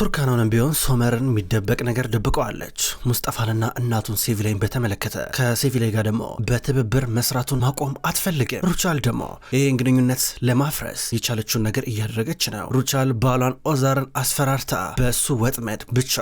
ቱርካናውንም ቢሆን ሶመርን የሚደበቅ ነገር ደብቀዋለች። ሙስጠፋንና እናቱን ሴቪላይን በተመለከተ ከሴቪላይ ጋር ደግሞ በትብብር መስራቱን ማቆም አትፈልግም። ሩቻል ደግሞ ይህን ግንኙነት ለማፍረስ የቻለችውን ነገር እያደረገች ነው። ሩቻል ባሏን ኦዛርን አስፈራርታ በእሱ ወጥመድ ብቻ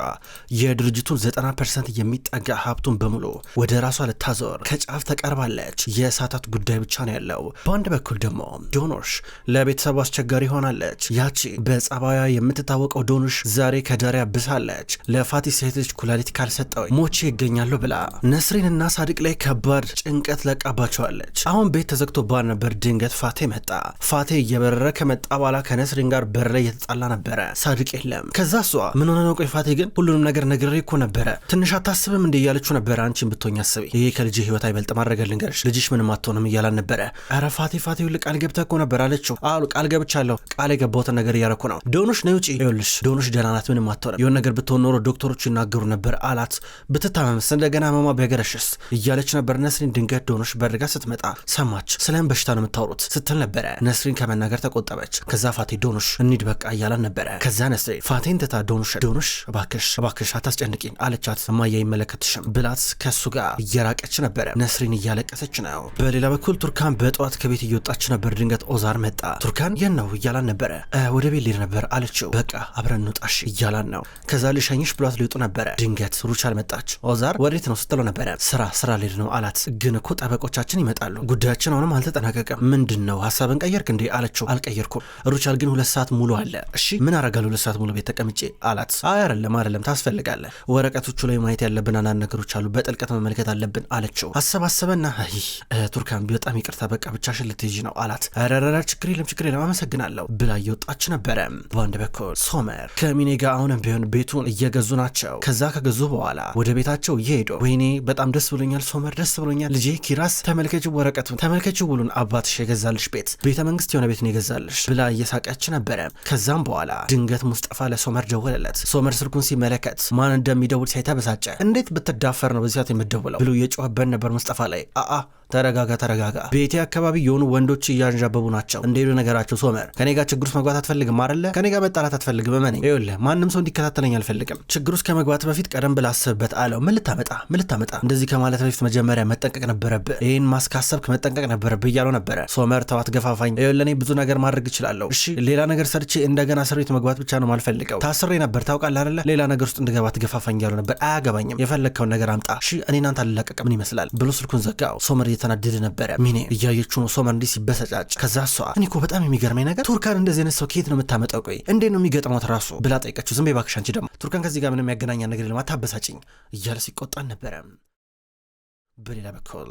የድርጅቱን 90 ፐርሰንት የሚጠጋ ሀብቱን በሙሉ ወደ ራሷ ልታዞር ከጫፍ ተቀርባለች። የእሳታት ጉዳይ ብቻ ነው ያለው። በአንድ በኩል ደግሞ ዶኖሽ ለቤተሰቡ አስቸጋሪ ሆናለች። ያቺ በጸባያ የምትታወቀው ዶኖሽ ዛሬ ከዳር ያብሳለች። ለፋቲ ሴት ልጅ ኩላሊት ካልሰጠው ሞቼ ይገኛሉ ብላ ነስሪንና ሳድቅ ላይ ከባድ ጭንቀት ለቃባቸዋለች። አሁን ቤት ተዘግቶባት ነበር። ድንገት ፋቴ መጣ። ፋቴ እየበረረ ከመጣ በኋላ ከነስሪን ጋር በር ላይ እየተጣላ ነበረ። ሳድቅ የለም። ከዛ እሷ ምን ሆነ ነው? ቆይ ፋቴ ግን ሁሉንም ነገር ነግሬ እኮ ነበረ። ትንሽ አታስብም እንደ እያለችው ነበረ። አንቺን ብትሆኝ አስቢ። ይሄ ከልጅ ህይወት አይበልጥ ማድረግ ገርሽ ልጅሽ ምንም አትሆንም እያላን ነበረ። ኧረ ፋቴ ፋቴ ሁል ቃል ገብተህ እኮ ነበር አለችው። አሉ ቃል ገብቻለሁ፣ ቃል የገባሁትን ነገር እያረኩ ነው። ዶኖሽ ነይ ውጪ። ይኸውልሽ ዶኖሽ ደህና አላት ምንም አትሆነም፣ የሆነ ነገር ብትሆን ኖሮ ዶክተሮች ይናገሩ ነበር አላት። ብትታመምስ እንደገና ህመሟ ቢያገረሽስ እያለች ነበር። ነስሪን ድንገት ዶኖች በርጋ ስትመጣ ሰማች። ስለምን በሽታ ነው የምታወሩት ስትል ነበረ። ነስሪን ከመናገር ተቆጠበች። ከዛ ፋቴ ዶኖሽ እንሂድ በቃ እያላን ነበረ። ከዛ ነስሪን ፋቴን ትታ ዶኖሽ ዶኖሽ እባክሽ እባክሽ አታስጨንቂን አለቻት። እማዬ አይመለከትሽም ብላት ከሱ ጋር እየራቀች ነበረ። ነስሪን እያለቀሰች ነው። በሌላ በኩል ቱርካን በጠዋት ከቤት እየወጣች ነበር። ድንገት ኦዛር መጣ። ቱርካን የት ነው እያላን ነበረ። ወደ ቤት ልሄድ ነበር አለችው። በቃ አብረን እንውጣሽ እያላን ነው። ከዛ ልሸኝሽ ብሏት ሊወጡ ነበረ። ድንገት ሩቻል መጣች። ኦዛር ወዴት ነው ስትለው ነበረ። ስራ ስራ ልሄድ ነው አላት። ግን እኮ ጠበቆቻችን ይመጣሉ። ጉዳያችን አሁንም አልተጠናቀቀም። ምንድን ነው ሀሳብን ቀየርክ እንዴ አለችው። አልቀየርኩም። ሩቻል ግን ሁለት ሰዓት ሙሉ አለ። እሺ ምን አረጋለሁ ሁለት ሰዓት ሙሉ ቤት ተቀምጬ አላት። አይ አይደለም አይደለም፣ ታስፈልጋለህ። ወረቀቶቹ ላይ ማየት ያለብን አንዳንድ ነገሮች አሉ። በጥልቀት መመልከት አለብን አለችው። አሰብ አሰበና ቱርካን በጣም ይቅርታ፣ በቃ ብቻሽን ልትይዥ ነው አላት። ረረረ ችግር የለም ችግር የለም አመሰግናለሁ ብላ እየወጣች ነበረ። በአንድ በኩል ሶመር ከሚ ወይኔ ጋር አሁንም ቢሆን ቤቱን እየገዙ ናቸው። ከዛ ከገዙ በኋላ ወደ ቤታቸው እየሄዱ ወይኔ በጣም ደስ ብሎኛል፣ ሶመር ደስ ብሎኛል፣ ልጄ ኪራስ ተመልከች፣ ወረቀቱን ተመልከች፣ ውሉን አባትሽ የገዛልሽ ቤት ቤተ መንግስት የሆነ ቤት ነው የገዛልሽ ብላ እየሳቀች ነበረ። ከዛም በኋላ ድንገት ሙስጠፋ ለሶመር ደወለለት። ሶመር ስልኩን ሲመለከት ማን እንደሚደውል ሳይተበሳጨ እንዴት ብትዳፈር ነው በዚያት የምደውለው ብሎ እየጮኸበት ነበር ሙስጠፋ ላይ አአ ተረጋጋ ተረጋጋ። ቤቴ አካባቢ የሆኑ ወንዶች እያንዣበቡ ናቸው። እንደሄዱ ነገራቸው። ሶመር ከኔ ጋር ችግር ውስጥ መግባት አትፈልግም አይደለ? ከኔ ጋር መጣላት አትፈልግም። እመኔ ይኸውልህ፣ ማንም ሰው እንዲከታተለኝ አልፈልግም። ችግር ውስጥ ከመግባት በፊት ቀደም ብላ አስብበት አለው። ምን ልታመጣ ምን ልታመጣ? እንደዚህ ከማለት በፊት መጀመሪያ መጠንቀቅ ነበረብህ። ይህን ማስካሰብክ መጠንቀቅ ነበረብህ እያለው ነበረ። ሶመር ተዋት፣ ገፋፋኝ። ይኸውልህ፣ እኔ ብዙ ነገር ማድረግ እችላለሁ። እሺ፣ ሌላ ነገር ሰርቼ እንደገና እስር ቤት መግባት ብቻ ነው ማልፈልገው። ታስሬ ነበር ታውቃለህ አይደለ? ሌላ ነገር ውስጥ እንድገባ ትገፋፋኝ እያለው ነበር። አያገባኝም። የፈለግከውን ነገር አምጣ። እሺ፣ እኔ እናንተ አልላቀቅም። ምን ይመስላል ብሎ ስልኩን ዘጋው። ሶመር እየተናደደ ነበረ። ሚኔ እያየችው ነው ሶመር እንዲህ ሲበሰጫጭ። ከዛ እሷ እኔ እኮ በጣም የሚገርመኝ ነገር ቱርካን እንደዚህ አይነት ሰው ከየት ነው የምታመጣው? ቆይ እንዴት ነው የሚገጥመው ራሱ ብላ ጠይቀችው። ዝም ባክሽ አንቺ ደግሞ ቱርካን ከዚህ ጋር ምንም ያገናኛ ነገር የለም አታበሳጭኝ እያለ ሲቆጣን ነበረ። በሌላ በኩል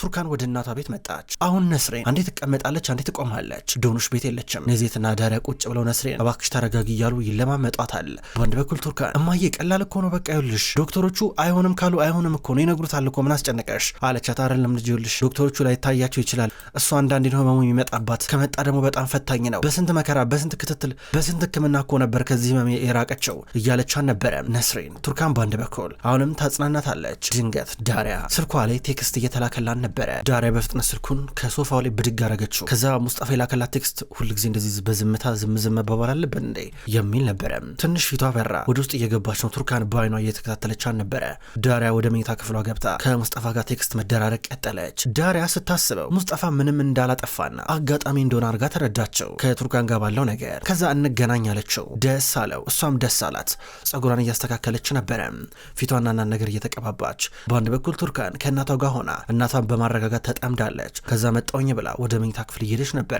ቱርካን ወደ እናቷ ቤት መጣች። አሁን ነስሬን አንዴ ትቀመጣለች፣ አንዴ ትቆማለች። ዶኑሽ ቤት የለችም። ነዜትና ዳሪያ ቁጭ ብለው ነስሬን እባክሽ ተረጋጊ እያሉ ይለማመጧታል። በአንድ በኩል ቱርካን እማዬ ቀላል እኮ ነው በቃ ይኸውልሽ ዶክተሮቹ አይሆንም ካሉ አይሆንም እኮ ነው ይነግሩታል እኮ ምን አስጨነቀሽ አለቻት። አይደለም ልጅ ይኸውልሽ ዶክተሮቹ ላይ ታያቸው ይችላል እሱ አንዳንዴ ነው ህመሙ የሚመጣባት ከመጣ ደግሞ በጣም ፈታኝ ነው። በስንት መከራ በስንት ክትትል በስንት ህክምና እኮ ነበር ከዚህ ህመም የራቀችው እያለቻን ነበረ ነስሬን። ቱርካን በአንድ በኩል አሁንም ታጽናናታለች። ድንገት ዳሪያ ስልኳ ላይ ቴክስት እየተላከላን ነበረ። ዳሪያ በፍጥነት ስልኩን ከሶፋው ላይ ብድግ አረገችው። ከዛ ሙስጣፋ የላከላት ቴክስት ሁልጊዜ እንደዚህ በዝምታ ዝምዝም መባባል አለበት እንዴ የሚል ነበረ። ትንሽ ፊቷ በራ። ወደ ውስጥ እየገባች ነው። ቱርካን በአይኗ እየተከታተለቻን ነበረ። ዳሪያ ወደ መኝታ ክፍሏ ገብታ ከሙስጣፋ ጋር ቴክስት መደራረቅ ቀጠለች። ዳሪያ ስታስበው ሙስጣፋ ምንም እንዳላጠፋና አጋጣሚ እንደሆነ አድርጋ ተረዳቸው ከቱርካን ጋር ባለው ነገር። ከዛ እንገናኝ አለችው። ደስ አለው፣ እሷም ደስ አላት። ጸጉሯን እያስተካከለች ነበረ። ፊቷና ነገር እየተቀባባች በአንድ በኩል ቱርካን ከእናቷ ጋር ሆና እናቷን በማረጋጋት ተጠምዳለች። ከዛ መጣውኝ ብላ ወደ መኝታ ክፍል እየሄደች ነበረ።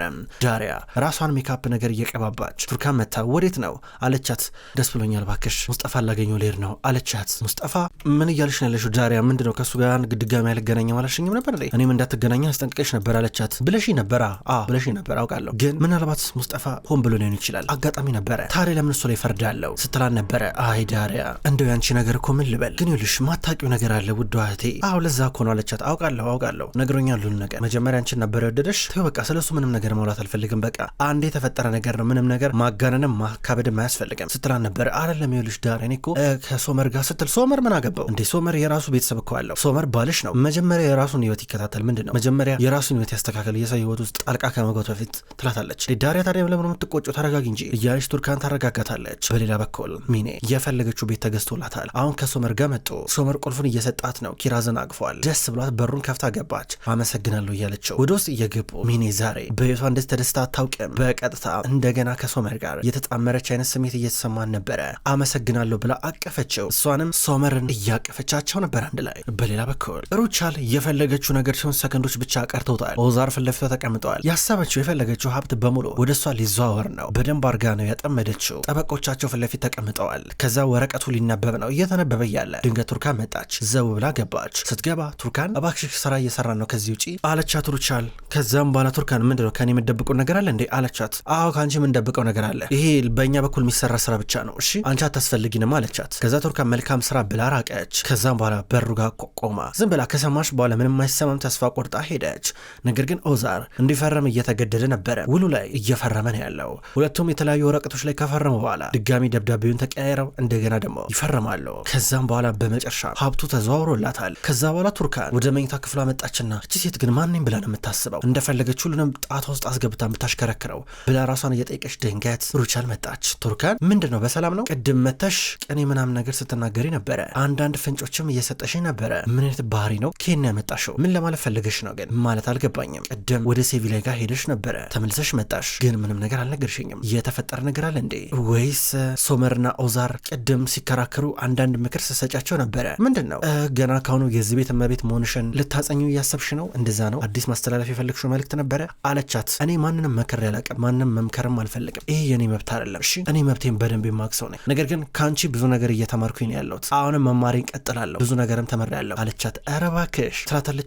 ዳሪያ ራሷን ሜካፕ ነገር እየቀባባች ቱርካን መታ ወዴት ነው አለቻት። ደስ ብሎኛል ባክሽ ሙስጠፋ ላገኘው ልሄድ ነው አለቻት። ሙስጠፋ ምን እያልሽ ነው ያለሽው ዳሪያ ምንድን ነው ከእሱ ጋር ድጋሚ አልገናኝም አላልሽኝም ነበር? እኔም እንዳትገናኝ አስጠንቅቀሽ ነበር አለቻት። ብለሽ ነበራ አ ብለሽ ነበር አውቃለሁ፣ ግን ምናልባት ሙስጠፋ ሆን ብሎ ሊሆን ይችላል አጋጣሚ ነበረ። ታዲያ ለምን እሱ ላይ ፈርዳለሁ ስትላን ነበረ። አይ ዳሪያ እንደው ያንቺ ነገር እኮ ምን ልበል ግን ይልሽ ማታቂው ነገር አለ ውድ እህቴ። አዎ ለዛ እኮ ነው አለቻት። አውቃለሁ አውቃለሁ። ነግሮኛል ሁሉ ነገር። መጀመሪያ አንቺን ነበር የወደደሽ። ተይው በቃ ስለሱ ምንም ነገር ማውላት አልፈልግም። በቃ አንዴ የተፈጠረ ነገር ነው። ምንም ነገር ማጋነንም ማካበድም አያስፈልግም ስትላን ነበር። አይደለም ይኸውልሽ ዳር እኔ እኮ ከሶመር ጋር ስትል ሶመር ምን አገባው እንዴ? ሶመር የራሱ ቤተሰብ እኮ አለው። ሶመር ባልሽ ነው። መጀመሪያ የራሱን ህይወት ይከታተል። ምንድን ነው መጀመሪያ የራሱን ህይወት ያስተካከል፣ የሰው ህይወት ውስጥ ጣልቃ ከመግባት በፊት ትላታለች። ዳሪያ ታዲያ ለምን የምትቆጩ? ተረጋጊ እንጂ እያለች ቱርካን ታረጋጋታለች። በሌላ በኩል ሚኔ የፈለገችው ቤት ተገዝቶላታል። አሁን ከሶመር ጋር መጡ። ሶመር ቁልፉን እየሰጣት ነው። ኪራዝን አቅፏል። ደስ ብሏት በሩን ከፍታ ገባች። አመሰግናለሁ እያለችው ወደ ውስጥ እየገቡ ሚኔ ዛሬ በቤቷ እንደዚህ ተደስታ አታውቅም። በቀጥታ እንደገና ከሶመር ጋር የተጣመረች አይነት ስሜት እየተሰማን ነበረ። አመሰግናለሁ ብላ አቀፈችው። እሷንም ሶመርን እያቀፈቻቸው ነበር አንድ ላይ። በሌላ በኩል ሩቻል የፈለገችው ነገር ሲሆን ሰከንዶች ብቻ ቀርተውታል። ኦዛር ፊት ለፊቷ ተቀምጠዋል። ያሰበችው የፈለገችው ሀብት በሙሉ ወደ እሷ ሊዘዋወር ነው። በደንብ አርጋ ነው ያጠመደችው። ጠበቆቻቸው ፊት ለፊት ተቀምጠዋል። ከዛ ወረቀቱ ሊነበብ ነው። እየተነበበ እያለ ድንገት ቱርካን መጣች። ዘው ብላ ገባች። ስትገባ ቱርካን እባክሽ ስራ እየሰራ ነው ከዚህ ውጪ አለቻት ሩቻል። ከዛም በኋላ ቱርካን ምንድን ነው ከኔ የምደብቀው ነገር አለ እንዴ አለቻት። አዎ ከአንቺ የምንደብቀው ነገር አለ፣ ይሄ በእኛ በኩል የሚሰራ ስራ ብቻ ነው። እሺ አንቺ አታስፈልጊንም አለቻት። ከዛ ቱርካን መልካም ስራ ብላ ራቀች። ከዛም በኋላ በሩ ጋር ቆማ ዝም ብላ ከሰማች በኋላ ምንም አይሰማም ተስፋ ቆርጣ ሄደች። ነገር ግን ኦዛር እንዲፈረም እየተገደደ ነበረ። ውሉ ላይ እየፈረመ ነው ያለው። ሁለቱም የተለያዩ ወረቀቶች ላይ ከፈረሙ በኋላ ድጋሚ ደብዳቤውን ተቀያይረው እንደገና ደግሞ ይፈርማሉ። ከዛም በኋላ በመጨረሻ ሀብቱ ተዘዋውሮላታል። ከዛ በኋላ ቱርካን ወደ መኝታ ክፍሏ መጣችና እቺ ሴት ግን ማንም ብላ ነው የምታስበው? እንደፈለገች ሁሉንም ጣቷ ውስጥ አስገብታ የምታሽከረክረው ብላ ራሷን እየጠየቀች ድንገት ሩቻል መጣች። ቱርካን ምንድን ነው በሰላም ነው? ቅድም መተሽ ቅኔ ምናምን ነገር ስትናገሪ ነበረ፣ አንዳንድ ፍንጮችም እየሰጠሽኝ ነበረ። ምን አይነት ባህሪ ነው ኬን ያመጣሽው? ምን ለማለት ፈለገሽ ነው ግን ማለት አልገባኝም። ቅድም ወደ ሴቪላይ ጋር ሄደሽ ነበረ፣ ተመልሰሽ መጣሽ፣ ግን ምንም ነገር አልነገርሽኝም። የተፈጠረ ነገር አለ እንዴ? ወይስ ሶመርና ኦዛር ቅድም ሲከራከሩ አንዳንድ ምክር ስሰጫቸው ነበረ? ምንድን ነው ገና ካሁኑ የዚህ ቤት እመቤት መሆንሽን ልታጸኝ ልታገኙ እያሰብሽ ነው? እንደዛ ነው አዲስ ማስተላለፍ የፈለግሽው መልእክት ነበረ አለቻት። እኔ ማንንም መከር ያላቀም ማንም መምከርም አልፈልግም። ይሄ የኔ መብት አይደለም። እሺ እኔ መብቴን በደንብ የማቅሰው ነኝ። ነገር ግን ከአንቺ ብዙ ነገር እየተማርኩኝ ነው ያለሁት። አሁንም መማሪን ቀጥላለሁ። ብዙ ነገርም ተምሬያለሁ አለቻት። ኧረ እባክሽ ትላታለች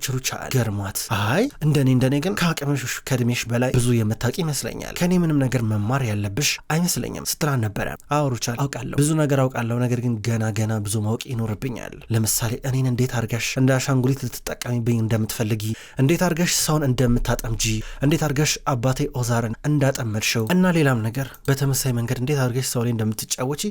ገርሟት። አይ እንደኔ እንደኔ ግን ከአቅምሽ ከእድሜሽ በላይ ብዙ የምታውቂ ይመስለኛል። ከእኔ ምንም ነገር መማር ያለብሽ አይመስለኝም ስትላን ነበረ። አዎ አውቃለሁ፣ ብዙ ነገር አውቃለሁ። ነገር ግን ገና ገና ብዙ ማወቅ ይኖርብኛል። ለምሳሌ እኔን እንዴት አድርጋሽ እንደ አሻንጉሊት ልትጠቀሚብኝ እንደምትፈልጊ፣ እንዴት አድርገሽ ሰውን እንደምታጠምጂ፣ እንዴት አድርገሽ አባቴ ኦዛርን እንዳጠመድሽው እና ሌላም ነገር በተመሳይ መንገድ እንዴት አድርገሽ ሰው ላይ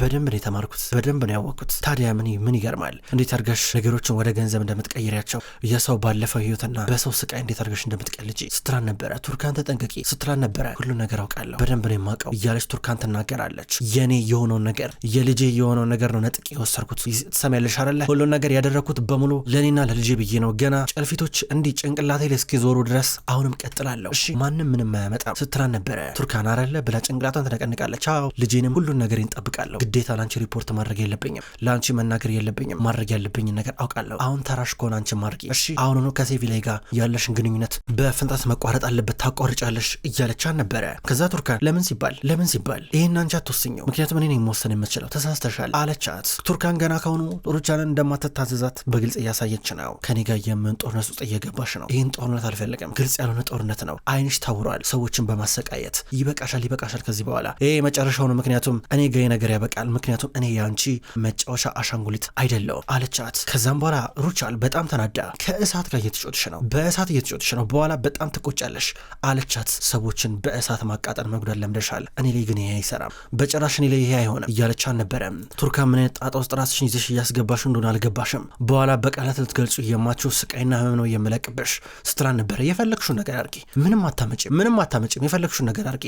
በደንብ ነው የተማርኩት፣ በደንብ ነው ያወቅኩት። ታዲያ ምን ምን ይገርማል? እንዴት አድርገሽ ነገሮችን ወደ ገንዘብ እንደምትቀይሪያቸው፣ የሰው ባለፈው ህይወትና በሰው ስቃይ እንዴት አድርገሽ እንደምትቀልጂ ስትላን ነበረ። ቱርካን ተጠንቀቂ ስትላን ነበረ። ሁሉ ነገር አውቃለሁ፣ በደንብ ነው የማውቀው እያለች ቱርካን ትናገራለች። የኔ የሆነውን ነገር የልጄ የሆነውን ነገር ነው ነጥቅ የወሰድኩት። ትሰሚያለሽ አይደለ? ሁሉን ነገር ያደረግኩት በሙሉ ለእኔና ለልጄ ብዬ ነው። ገና ጨልፊት ሴቶች እንዲህ ጭንቅላቴ እስኪዞሩ ድረስ አሁንም ቀጥላለሁ፣ እሺ ማንም ምንም አያመጣም ስትላን ነበረ። ቱርካን አረለ ብላ ጭንቅላቷን ትነቀንቃለች። አዎ ልጄንም ሁሉን ነገር እንጠብቃለሁ። ግዴታ ለአንቺ ሪፖርት ማድረግ የለብኝም፣ ለአንቺ መናገር የለብኝም። ማድረግ ያለብኝን ነገር አውቃለሁ። አሁን ተራሽ ከሆነ አንቺ ማድረጊ እሺ። አሁኑኑ ከሴቪ ላይ ጋር ያለሽን ግንኙነት በፍንጣት መቋረጥ አለበት፣ ታቋርጫለሽ እያለቻን ነበረ። ከዛ ቱርካን ለምን ሲባል ለምን ሲባል ይህን አንቺ አትወስኘው፣ ምክንያቱም እኔ ነኝ መወሰን የምችለው ተሳስተሻል አለቻት። ቱርካን ገና ከሆኑ ሩቻንን እንደማትታዘዛት በግልጽ እያሳየች ነው። ከኔ ጋር የምን ጦርነት ውስጥ እየገባሽ ነው። ይህን ጦርነት አልፈልግም። ግልጽ ያልሆነ ጦርነት ነው። አይንሽ ታውሯል፣ ሰዎችን በማሰቃየት ይበቃሻል፣ ይበቃሻል። ከዚህ በኋላ ይሄ መጨረሻው ነው። ምክንያቱም እኔ ገይ ነገር ያበቃል። ምክንያቱም እኔ ያንቺ መጫወቻ አሻንጉሊት አይደለውም አለቻት። ከዛም በኋላ ሩቻል በጣም ተናዳ ከእሳት ጋር እየተጮትሽ ነው፣ በእሳት እየተጮትሽ ነው። በኋላ በጣም ትቆጫለሽ አለቻት። ሰዎችን በእሳት ማቃጠል መጉዳት ለምደሻል። እኔ ላይ ግን ይሄ አይሰራም፣ በጭራሽ እኔ ላይ ይሄ አይሆንም እያለች አልነበረም። ቱርካ ምን ጣጣ ውስጥ ራስሽን ይዘሽ እያስገባሽ እንደሆነ አልገባሽም። በኋላ በቃላት ልትገልጹ የማችሁ ስቃይና ህመም ነው የምለቅብሽ ስትላ ነበረ። የፈለግሹን ነገር አርጊ፣ ምንም አታመጭም፣ ምንም አታመጭም፣ የፈለግሹን ነገር አርጊ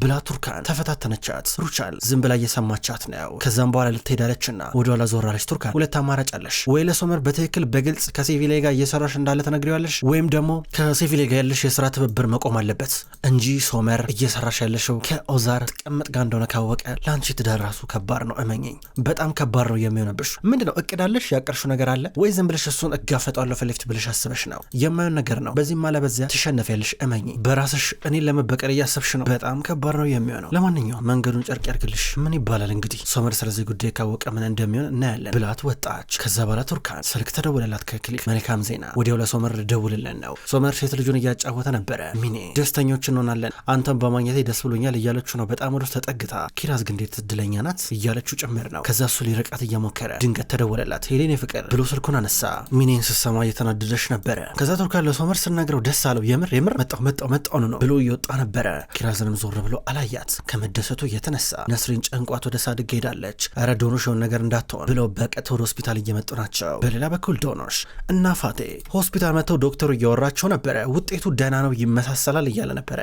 ብላ ቱርካን ተፈታተነቻት። ሩቻል ዝም ብላ እየሰማቻት ነው። ከዛም በኋላ ልትሄዳለችና ወደኋላ ዞራለች። ቱርካን ሁለት አማራጭ አለሽ ወይ ለሶመር በትክክል በግልጽ ከሴቪሌ ጋር እየሰራሽ እንዳለ ተነግሪዋለሽ፣ ወይም ደግሞ ከሴቪሌ ጋር ያለሽ የስራ ትብብር መቆም አለበት እንጂ ሶመር እየሰራሽ ያለሽው ከኦዛር ጥቀምጥ ጋር እንደሆነ ካወቀ ለአንቺ ትዳር ራሱ ከባድ ነው። እመኘኝ፣ በጣም ከባድ ነው የሚሆነብሽ። ምንድነው እቅዳለሽ? ያቀርሹ ነገር አለ ወይ? ዝም ብለሽ እሱን እጋፈጠዋለሁ ፊት ለፊት ብለሽ እያስበሽ ነው? የማየውን ነገር ነው። በዚህም አለበዚያ ትሸነፊያለሽ። እመኝ በራስሽ እኔን ለመበቀል እያሰብሽ ነው። በጣም ከባድ ነው የሚሆነው። ለማንኛውም መንገዱን ጨርቅ ያርግልሽ። ምን ይባላል እንግዲህ። ሶመር ስለዚህ ጉዳይ ካወቀ ምን እንደሚሆን እናያለን ብላት ወጣች። ከዛ በኋላ ቱርካን ስልክ ተደወለላት ከክሊፍ። መልካም ዜና ወዲያው ለሶመር ደውልልን ነው። ሶመር ሴት ልጁን እያጫወተ ነበረ። ሚኔ ደስተኞች እንሆናለን፣ አንተን በማግኘቴ ደስ ብሎኛል እያለች ነው። በጣም ወደ ተጠግታ ኪራዝ ግን እንዴት እድለኛ ናት እያለችው ጭምር ነው። ከዛ እሱ ሊርቃት እየሞከረ ድንገት ተደወለላት። ሄሌን ፍቅር ብሎ ስልኩን አነሳ። ሚኔን ስሰማ እየተናደደች ነበረ። ከዛ ቱርካን ለሶመር ስነግረው ደስ አለው። የምር የምር መጣው መጣው መጣው ነው ብሎ እየወጣ ነበረ። ኪራዘንም ዞር ብሎ አላያት። ከመደሰቱ የተነሳ ነስሪን ጨንቋት ወደ ሳድግ ሄዳለች። ኧረ ዶኖሽ የሆነ ነገር እንዳትሆን ብለው በቀጥታ ወደ ሆስፒታል እየመጡ ናቸው። በሌላ በኩል ዶኖሽ እና ፋቴ ሆስፒታል መጥተው ዶክተሩ እያወራቸው ነበረ። ውጤቱ ደህና ነው ይመሳሰላል እያለ ነበረ።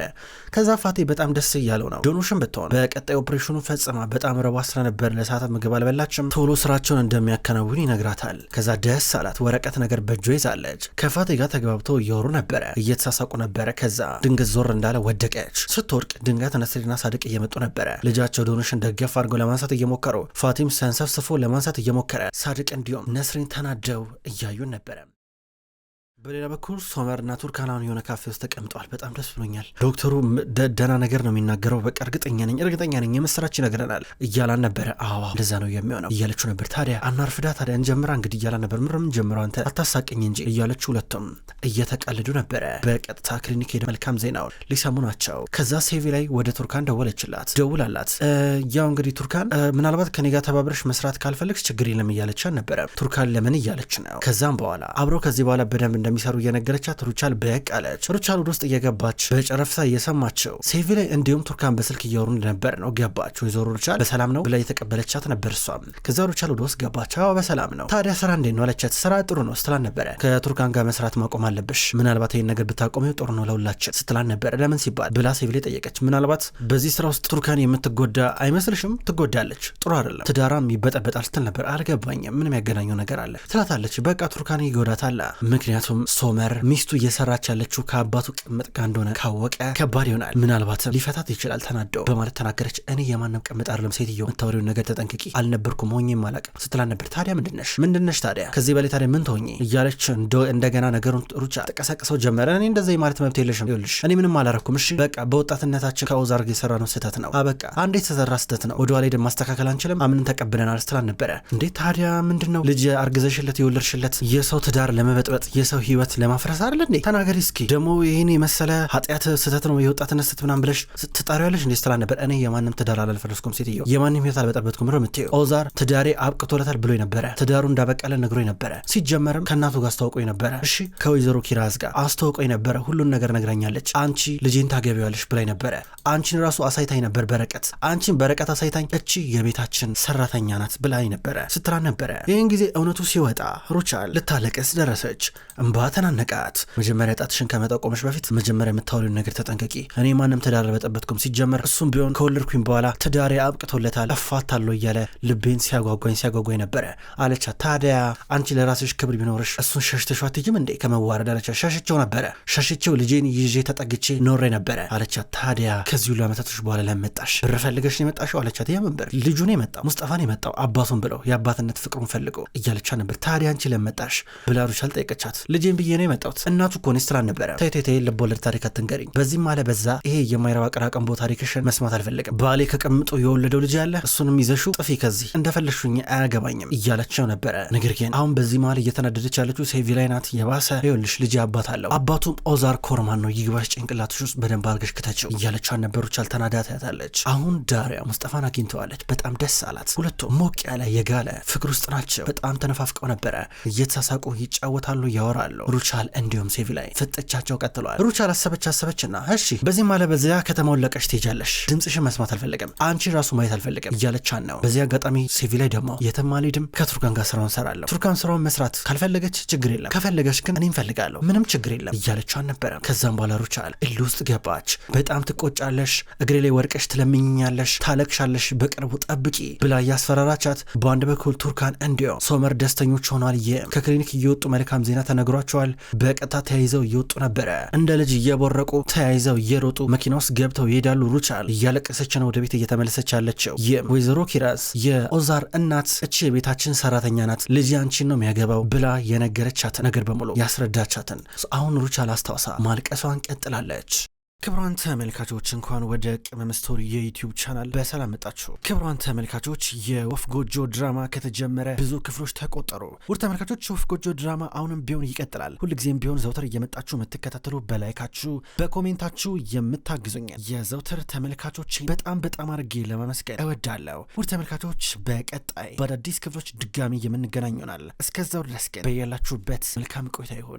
ከዛ ፋቴ በጣም ደስ እያለው ነው። ዶኖሽን ብትሆን በቀጣይ ኦፕሬሽኑ ፈጽማ በጣም ረባ ስለነበር ለሰዓታት ምግብ አልበላችም። ቶሎ ስራቸውን እንደሚያከናውኑ ይነግራታል። ከዛ ደስ አላት። ወረቀት ነገር በእጇ ይዛለች። ከፋቴ ጋር ተግባብቶ እየወሩ ነበረ፣ እየተሳሳቁ ነበረ። ከዛ ድንገት ዞር እንዳለ ወደቀች። ስትወድቅ ድንገት ነስሪና ሳድቅ እየመጡ ነበረ። ልጃቸው ዶኖሽን ደገፍ አድርገው ለማንሳት እየሞከሩ ፋቲም ሰንሰፍስፎ ለማንሳት እየሞከረ ሳድቅ እንዲሁም ነስሪን ተናደው እያዩን ነበረ። በሌላ በኩል ሶመር ሶመርና ቱርካናን የሆነ ካፌ ውስጥ ተቀምጠዋል። በጣም ደስ ብሎኛል። ዶክተሩ ደህና ነገር ነው የሚናገረው። በቃ እርግጠኛ ነኝ እርግጠኛ ነኝ የምስራች ይነግረናል እያላን ነበረ። አዎ እንደዛ ነው የሚሆነው እያለችው ነበር። ታዲያ አናርፍዳ ታዲያ እንጀምራ እንግዲህ እያላን ነበር። ምርም ጀምረው አንተ አታሳቀኝ እንጂ እያለች ሁለቱም እየተቀልዱ ነበረ። በቀጥታ ክሊኒክ ሄደ። መልካም ዜናውን ሊሰሙ ናቸው። ከዛ ሴቪ ላይ ወደ ቱርካን ደወለችላት። ደውል አላት። ያው እንግዲህ ቱርካን ምናልባት ከኔ ጋር ተባብረሽ መስራት ካልፈለግሽ ችግር የለም እያለች ነበረ። ቱርካን ለምን እያለች ነው። ከዛም በኋላ አብረው ከዚህ በኋላ በደንብ እንደሚ እንደሚሰሩ እየነገረቻት ሩቻል ብቅ አለች። ሩቻል ወደ ውስጥ እየገባች በጨረፍታ እየሰማቸው ሴቪ ላይ እንዲሁም ቱርካን በስልክ እያወሩ እንደነበር ነው ገባች። ወይዘሮ ሩቻል በሰላም ነው ብላ እየተቀበለቻት ነበር። እሷም ከዛ ሩቻል ወደ ውስጥ ገባች። አዎ በሰላም ነው። ታዲያ ስራ እንዴት ነው አለቻት። ስራ ጥሩ ነው ስትላን ነበረ። ከቱርካን ጋር መስራት ማቆም አለብሽ፣ ምናልባት ይህን ነገር ብታቆሚው ጥሩ ነው ለሁላችን ስትላን ነበረ። ለምን ሲባል ብላ ሴቪ ላይ ጠየቀች። ምናልባት በዚህ ስራ ውስጥ ቱርካን የምትጎዳ አይመስልሽም? ትጎዳለች፣ ጥሩ አይደለም፣ ትዳራም ይበጠበጣል ስትል ነበር። አልገባኝም፣ ምንም ያገናኘው ነገር አለ ትላታለች። በቃ ቱርካን ይጎዳታል፣ ምክንያቱም ምክንያቱም ሶመር ሚስቱ እየሰራች ያለችው ከአባቱ ቅምጥ ጋር እንደሆነ ካወቀ ከባድ ይሆናል። ምናልባትም ሊፈታት ይችላል ተናደው በማለት ተናገረች። እኔ የማንም ቅምጥ አይደለም ሴትዮ፣ የምታወሪውን ነገር ተጠንቅቂ፣ አልነበርኩም ሆኜም አላውቅም ስትላል ነበር። ታዲያ ምንድነሽ ምንድነሽ ታዲያ ከዚህ በላይ ታዲያ ምን ትሆኚ እያለች እንደገና ነገሩን ሩጫ ተቀሳቅሰው ጀመረ። እኔ እንደዚ ማለት መብት የለሽም ይኸውልሽ፣ እኔ ምንም አላረኩም። እሺ በቃ በወጣትነታችን ከኦዛርግ የሰራ ነው ስህተት ነው አበቃ፣ አንዴ የተሰራ ስህተት ነው ወደ ኋላ ማስተካከል አንችልም፣ አምንን ተቀብለናል ስትላል ነበረ። እንዴት ታዲያ ምንድን ነው ልጅ አርግዘሽለት የወለድሽለት የሰው ትዳር ለመበጥበጥ የሰው ህይወት ለማፍረስ አይደል እንዴ? ተናገሪ እስኪ ደግሞ ይህን የመሰለ ኃጢአት ስህተት ነው የወጣትነት ስህተት ምናምን ብለሽ ትጣሪያለሽ እንዴ ስትላ ነበር። እኔ የማንም ትዳር አላልፈለስኩም፣ ሴትዮ የማንም ህይወት አልበጠበትኩም ብሎ የምትየው ኦዛር ትዳሬ አብቅቶለታል ብሎ ነበረ። ትዳሩ እንዳበቀለ ነግሮ ነበረ። ሲጀመርም ከእናቱ ጋር አስታውቆ ነበረ። እሺ ከወይዘሮ ኪራዝ ጋር አስታውቆ ነበረ። ሁሉን ነገር ነግራኛለች። አንቺ ልጄን ታገቢዋለሽ ብላይ ነበረ። አንቺን ራሱ አሳይታኝ ነበር በረቀት አንቺን በረቀት አሳይታኝ እቺ የቤታችን ሰራተኛ ናት ብላይ ነበረ ስትላ ነበረ። ይህን ጊዜ እውነቱ ሲወጣ ሩቻል ልታለቀስ ደረሰች። እምባ ተናነቃት። መጀመሪያ ጣትሽን ከመጠቆመሽ በፊት መጀመሪያ የምታወሪውን ነገር ተጠንቀቂ። እኔ ማንም ትዳር አልበጠበትኩም። ሲጀመር እሱም ቢሆን ከወለድኩኝ በኋላ ትዳሬ አብቅቶለታል፣ እፋታለሁ እያለ ልቤን ሲያጓጓኝ ሲያጓጓኝ ነበረ አለቻት። ታዲያ አንቺ ለራስሽ ክብር ቢኖርሽ እሱን ሸሽተሽ አትሄጂም እንዴ ከመዋረድ አለቻት። ሸሽቸው ነበረ፣ ሸሽቸው ልጄን ይዤ ተጠግቼ ኖሬ ነበረ አለቻት። ታዲያ ከዚህ ሁሉ ዓመታቶች በኋላ ለመጣሽ ብር ፈልገሽ ነው የመጣሽው አለቻት። ያ መንበር ልጁ ነው የመጣው ሙስጠፋ የመጣው አባቱን ብለው የአባትነት ፍቅሩን ፈልገው እያለቻ ነበር። ታዲያ አንቺ ለመጣሽ ብላዶች አልጠየቀቻት ልጄ ልጄን ብዬ ነው የመጣሁት። እናቱ እኮ እኔ ስራ ነበረ ታይቴቴ ልቦለድ ታሪክ አትንገሪኝ። በዚህም አለ በዛ ይሄ የማይረባ ቅራቅንቦ ታሪክሽን መስማት አልፈለግም። ባሌ ከቀምጦ የወለደው ልጅ ያለ እሱንም ይዘሹ ጥፊ ከዚህ እንደፈለሹኝ አያገባኝም እያለቸው ነበረ። ነገር ግን አሁን በዚህ መሀል እየተናደደች ያለችው ሴቪ ላይ ናት። የባሰ ይኸውልሽ ልጅ አባት አለው አባቱም ኦዛር ኮርማን ነው። ይግባሽ ጭንቅላትሽ ውስጥ በደንብ አርገሽ ክተችው እያለች ነበሮች አልተናዳ ታያታለች። አሁን ዳሪያ ሙስጠፋን አግኝተዋለች። በጣም ደስ አላት። ሁለቱም ሞቅ ያለ የጋለ ፍቅር ውስጥ ናቸው። በጣም ተነፋፍቀው ነበረ። እየተሳሳቁ ይጫወታሉ፣ ያወራሉ። ያለው። ሩቻል እንዲሁም ሴቪ ላይ ፍጥጫቸው ቀጥሏል። ሩቻል አሰበች አሰበችና እሺ በዚህም አለ በዚያ ከተማውን ለቀሽ ትሄጃለሽ፣ ድምፅሽን መስማት አልፈልግም፣ አንቺ ራሱ ማየት አልፈልግም እያለቻን ነው። በዚህ አጋጣሚ ሴቪ ላይ ደግሞ የተማሌ ድም ከቱርካን ጋር ስራውን ሰራለሁ። ቱርካን ስራውን መስራት ካልፈለገች ችግር የለም፣ ከፈለገች ግን እኔም ፈልጋለሁ፣ ምንም ችግር የለም እያለቻን ነበረ። ከዛም በኋላ ሩቻል እልህ ውስጥ ገባች። በጣም ትቆጫለሽ፣ እግሬ ላይ ወርቀሽ ትለምኛለሽ፣ ታለቅሻለሽ፣ በቅርቡ ጠብቂ ብላ እያስፈራራቻት በአንድ በኩል ቱርካን እንዲሁም ሶመር ደስተኞች ሆኗል። ከክሊኒክ እየወጡ መልካም ዜና ተነግሯቸው ይመስላችኋል? በቀጥታ ተያይዘው እየወጡ ነበረ። እንደ ልጅ እየቦረቁ ተያይዘው እየሮጡ መኪና ውስጥ ገብተው ይሄዳሉ። ሩቻል እያለቀሰች ነው ወደ ቤት እየተመለሰች ያለችው። የወይዘሮ ኪራስ የኦዛር እናት እቺ የቤታችን ሰራተኛ ናት፣ ልጅ አንቺን ነው የሚያገባው ብላ የነገረቻትን ነገር በሙሉ ያስረዳቻትን አሁን ሩቻል አስታውሳ ማልቀሷን ቀጥላለች። ክብሯን ተመልካቾች እንኳን ወደ ቅመም ስቶሪ የዩቲዩብ ቻናል በሰላም መጣችሁ። ክብሯን ተመልካቾች የወፍ ጎጆ ድራማ ከተጀመረ ብዙ ክፍሎች ተቆጠሩ። ውድ ተመልካቾች ወፍ ጎጆ ድራማ አሁንም ቢሆን ይቀጥላል። ሁልጊዜም ቢሆን ዘውተር እየመጣችሁ የምትከታተሉ በላይካችሁ፣ በኮሜንታችሁ የምታግዙኝ የዘውተር ተመልካቾች በጣም በጣም አድርጌ ለማመስገን እወዳለሁ። ውድ ተመልካቾች በቀጣይ በአዳዲስ ክፍሎች ድጋሚ የምንገናኙናል። እስከዛው ድረስ ግን በያላችሁበት መልካም ቆይታ ይሁን።